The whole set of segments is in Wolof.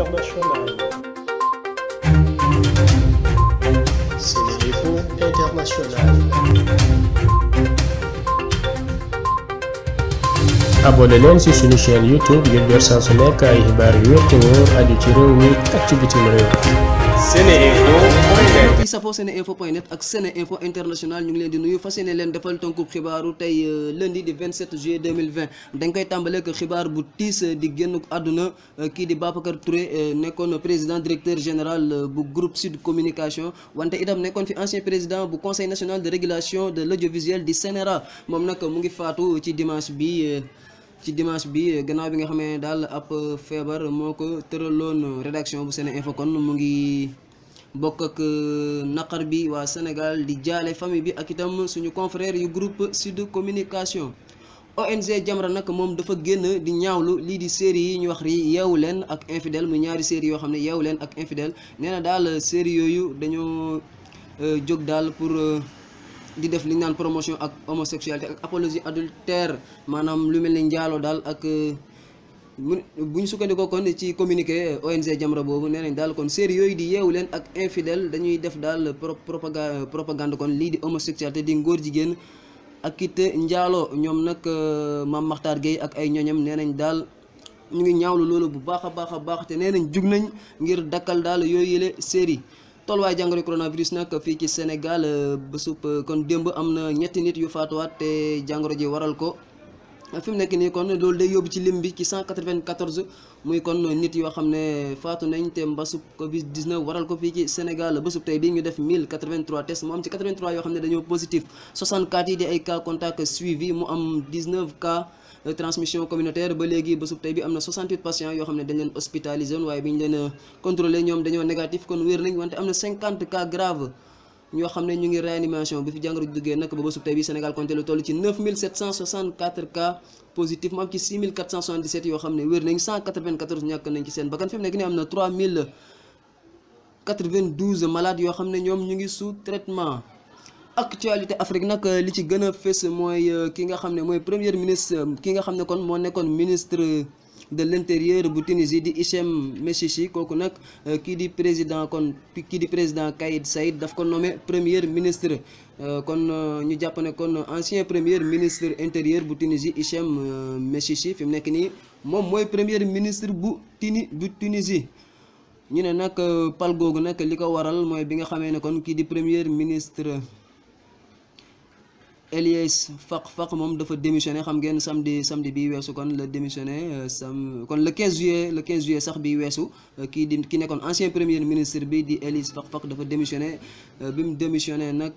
internationale. C'est si internationale. abonné leen ci YouTube ngir jot saa su nekk ay xibaar yu wér mi ak ci bitim seneinfo.net ci safoo seneinfo point net ak seneinfo international ñu ngi leen di nuyu fa yéene leen defal tënkub xibaaru tey euh, lundi di 27 juillet 2020 dañ koy tàmbaleek xibaar bu tiis euh, di génn àdduna euh, kii di Babacar Touré nekkoon président directeur général bu groupe Sud Communication wante itam nekkoon fi ancien président bu conseil national de régulation de l'audiovisuel di CNRA moom nag mu ngi faatu ci dimanche bi ci dimanche bi gannaaw bi nga xam ne daal ab feebar moo ko tëraloon rédaction bu Sene Info kon mu ngi bokk ak euh, naqar bi waa Sénégal di jaale famille bi ak itam suñu confrère yu groupe si Sud Communication ONG Jamra nag moom dafa génn di ñaawlu lii di série yi ñu wax rii yeewu leen ak infidèle mu ñaari série yoo xam ne yeewu leen ak infidel nee na daal série yooyu dañoo euh, jóg daal pour euh, di def li naan promotion ak homosexualité ak apologie adultère maanaam lu mel ni njaaloo daal ak euh, bu ñu sukkandikoo kon ci communiqué ONG Jamra boobu nee nañ daal kon série yooyu di yeewu leen ak infidèle dañuy def daal propaga propagande kon lii di homosexualité di ngóor jigéen ak it njaaloo ñoom nag euh, Mame Makhtar Gueye ak ay ñoñam nee nañ daal ñu ngi ñaawlu loolu bu baax a baax a baax te nee nañ jug nañ ngir dakkal daal yooyu yële série tolluwaay jàngoro coronavirus nag fii ci Sénégal euh, sup euh, kon démb am na ñetti nit yu faatuwaat te jàngoro ji waral ko fi mu nekk nii kon loolu day yóbbu ci lim bi ci 194 muy kon nit yoo xam ne faatu nañ te mbasub Covid 19 waral ko fii ci Sénégal bésub tey bii ñu def 1083 tests mu am ci 83 yoo xam ne dañoo positif 64 yi di ay cas contact suivi mu am 19 cas transmission communautaire ba léegi bésub tey bi am na 68 yoo xam ne dañ leen hospitalisé woon waaye bi ñu leen contrôlé ñoom dañoo négatif kon wér nañ wante ñoo xam ne ñu ngi réanimation bi fi jàngoro ji duggee nag ba ba sub tey bi Sénégal compté lu toll ci 9764 cas positif mu am ci 6477 yoo xam ne wér nañ 194 ñàkk nañ ci seen bakkan fi mu nekk nii am na 3092 malades yoo xam ne ñoom ñu ngi sous traitement. actualité Afrique nag euh, li ci gën a fës mooy euh, ki nga xam ne mooy première ministre ki nga xam ne kon moo nekkoon ministre. de l'intérieur bu Tunisie di Hichem Mechichi kooku nag euh, kii di président kon kii di président kayit Saied daf ko nommé première ministre euh, kon euh, ñu jàpp ne kon ancien premier ministre intérieur bu Tunisie Hichem Mechichi fi mu nekk nii moom mooy première ministre bu Tuni bu Tunisie ñu ne nag pal googu nag li ko waral mooy bi nga xamee ne kon kii di première ministre Eliès Fakhfakh moom dafa démissionné xam ngeen samedi samedi bi weesu kon la démissionné euh, sam kon le 15 juillet le 15 juillet sax bi weesu euh, ki di ki nekkoon ancien premier ministre bi di Eliès Fakhfakh dafa démissionné euh, bi mu démissionné nag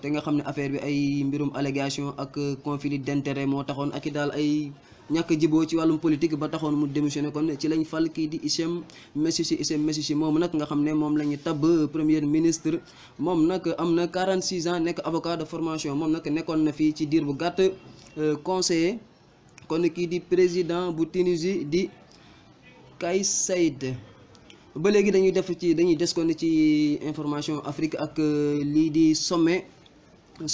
te nga xam ne affaire bi ay mbirum allégation ak conflit d'intérêt moo taxoon ak i daal ay ñàkk jiboo ci wàllum politique ba taxoon mu démissionné kon ci lañ fal kii di Hichem Mechichi Hichem Mechichi moom nag nga xam ne moom la ñu tabb premier ministre moom nag am na 46 ans nekk avocat de formation moom nag nekkoon na fii ci diir bu gàtt euh, conseiller kon kii di président bu Tunisie di kay Saied ba léegi dañuy def ci dañuy des kon ci information Afrique ak euh, lii di sommet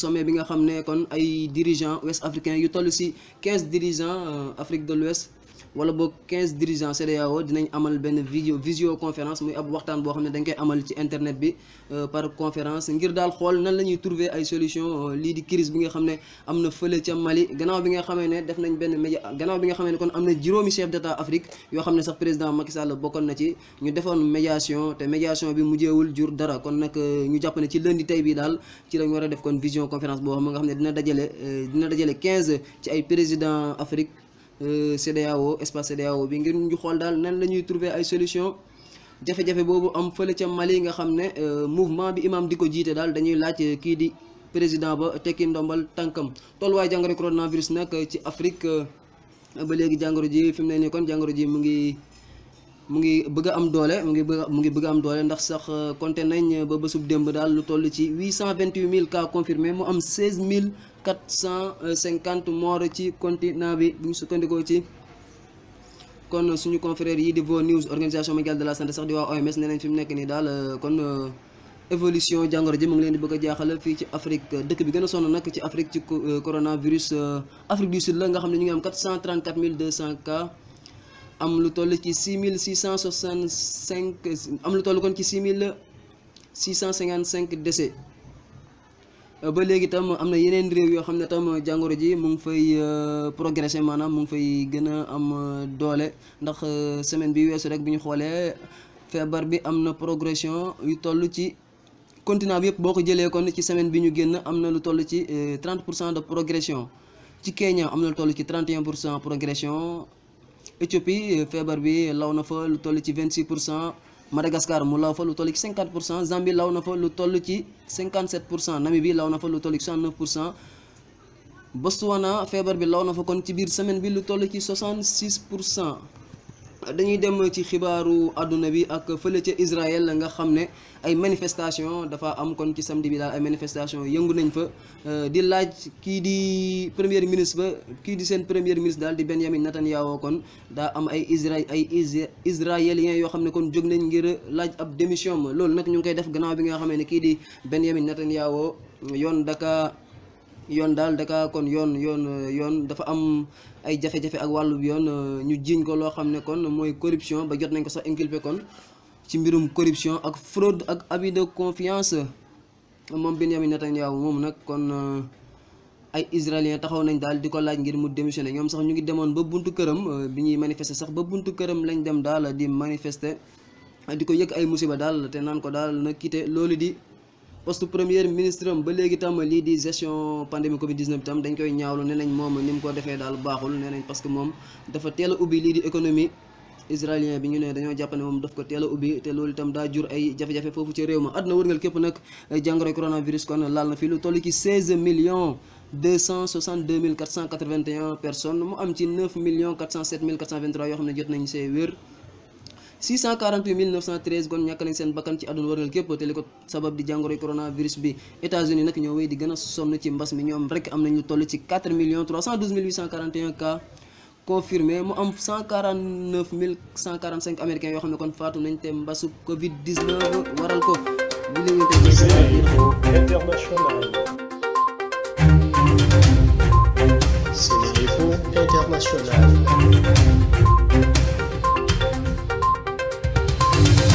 sommet bi nga xam ne kon ay dirigeants ouest africains yu toll ci 15 dirigeants euh, Afrique de l'Ouest wala boog quinze dirigeants CEDEAO dinañ amal benn vidéo visioconférence muy ab waxtaan boo xam ne dañ koy amal ci internet bi euh, par conférence ngir daal xool nan la ñuy trouver ay solution euh, lii di crise bi nga xam ne am na fële ca Mali gannaaw bi nga xamee ne def nañ benn média gannaaw bi nga xamee ne kon am na juróomi chef d'état Afrique yoo xam ne sax président Macky Sall bokkoon na ci ñu defoon médiation te médiation bi mujjeewul jur dara kon nag euh, ñu jàpp ne ci lundi tey bii daal ci lañ war a def kon vision conférence boo xam nga xam dina dajale dina dajale quinze ci ay président Afrique Euh, CEDEAO espace CEDEAO bi ngir ñu xool daal nan la ñuy trouver ay solution jafe-jafe boobu am fële ca Mali nga xam ne euh, mouvement bi imam di ko jiite daal dañuy laaj euh, kii di président ba tekki ndombal tànkam tolluwaay jàngoro coronavirus nag ci Afrique ba léegi jàngoro ji fi mu ne ni kon jàngoro ji mu ngi. mu ngi bëgg am doole mu ngi bëgg mu ngi bëgg am doole ndax sax euh, compté nañ ba bésub démb daal lu toll ci 828000 cas confirmés mu am 16450 morts ci continent bi bu ñu sukkandikoo bi kon suñu confrère yi di Vo News organisation mondiale de la santé sax di waa OMS nee fi mu nekk nii daal euh, kon euh, évolution jàngoro ji mu ngi leen di bëgg a jaaxal fii ci Afrique dëkk bi gën a sonn nag ci Afrique ci coronavirus Afrique du Sud la nga xam ne ñu ngi am 434200 cas. am lu toll ci six mille six cent soixante cinq am lu toll kon ci six mille six cent cinquante cinq décès euh, ba léegi tam am na yeneen réew yoo xam ne tam jàngoro ji mu ngi fay euh, progresser maanaam mu ngi fay gën a am euh, doole ndax semaine bi weesu rek bu ñu xoolee feebar bi am na progression yu toll ci continent bi yëpp boo ko jëlee kon ci semaine bi ñu génn am na lu toll ci 30 pour cent de progression ci Kenya am na lu toll ci 31 pour cent progression. Éthiopie euh, feebar bi law na fa lu toll ci 26 pour cent Madagascar mu law fa lu toll ci 50 pour cent Zambie law na fa lu toll ci 57 pour cent Namibie law na fa lu toll ci 69 pour cent Botswana feebar bi law na fa kon ci biir semaine bi lu toll ci 66 pour cent. dañuy dem ci xibaaru àdduna bi ak fële ca Israël nga xam ne ay manifestation dafa am kon ci samedi bi daal ay manifestation yëngu nañ fa euh, di laaj kii di premier ministre ba kii di seen premier ministre daal di Benjamin Netanyahu kon daa am ay isra ay israéliens yoo xam ne kon jóg nañ ngir laaj ab démission ma loolu nag ñu ngi koy def gannaaw bi nga xam ne kii di Benjamin Netanyahu yoon daka yoon daal daka kon yoon yoon yoon dafa am ay jafe-jafe ak wàllu yoon euh, ñu jiiñ ko loo xam ne kon mooy corruption ba jot nañ ko sax inculpé kon ci mbirum corruption ak fraude ak abus de confiance moom Benjamin Netanyahu moom nag kon euh, ay israélien taxaw nañ daal di ko laaj ngir mu démissionné ñoom sax ñu ngi demoon ba buntu këram euh, bi ñuy manifester sax ba buntu këram lañ dem daal di manifester di ko yëg ay musiba daal te naan ko daal na quitté loolu di poste premier ministre ba léegi tam lii di gestion pandémie Covid 19 tam dañ koy ñaawlu nee nañ moom ni mu ko defee daal baaxul nee nañ parce que moom dafa teel a ubbi lii di économie. israélien bi ñu ne dañoo jàpp ne moom daf te loolu itam daa jur ay jafe-jafe foofu ci réew ma àdduna wërngal képp nag jàngoro coronavirus kon laal na fi lu toll ci 16 personnes mu am ci 9 yoo xam ne jot nañ see wér. 648 913 kon ñàkk nañ seen bakkan ci àdduna warngal képp te sabab di jàngoroy coronavirus bi États-Unis ñoo wéy di gën a sonn ci mbas mi ñoom rek am nañu toll ci 4 millions 312 841 cas confirmé mu am 149 145 américains yoo xam ne kon faatu nañ te mbasu Covid waral ko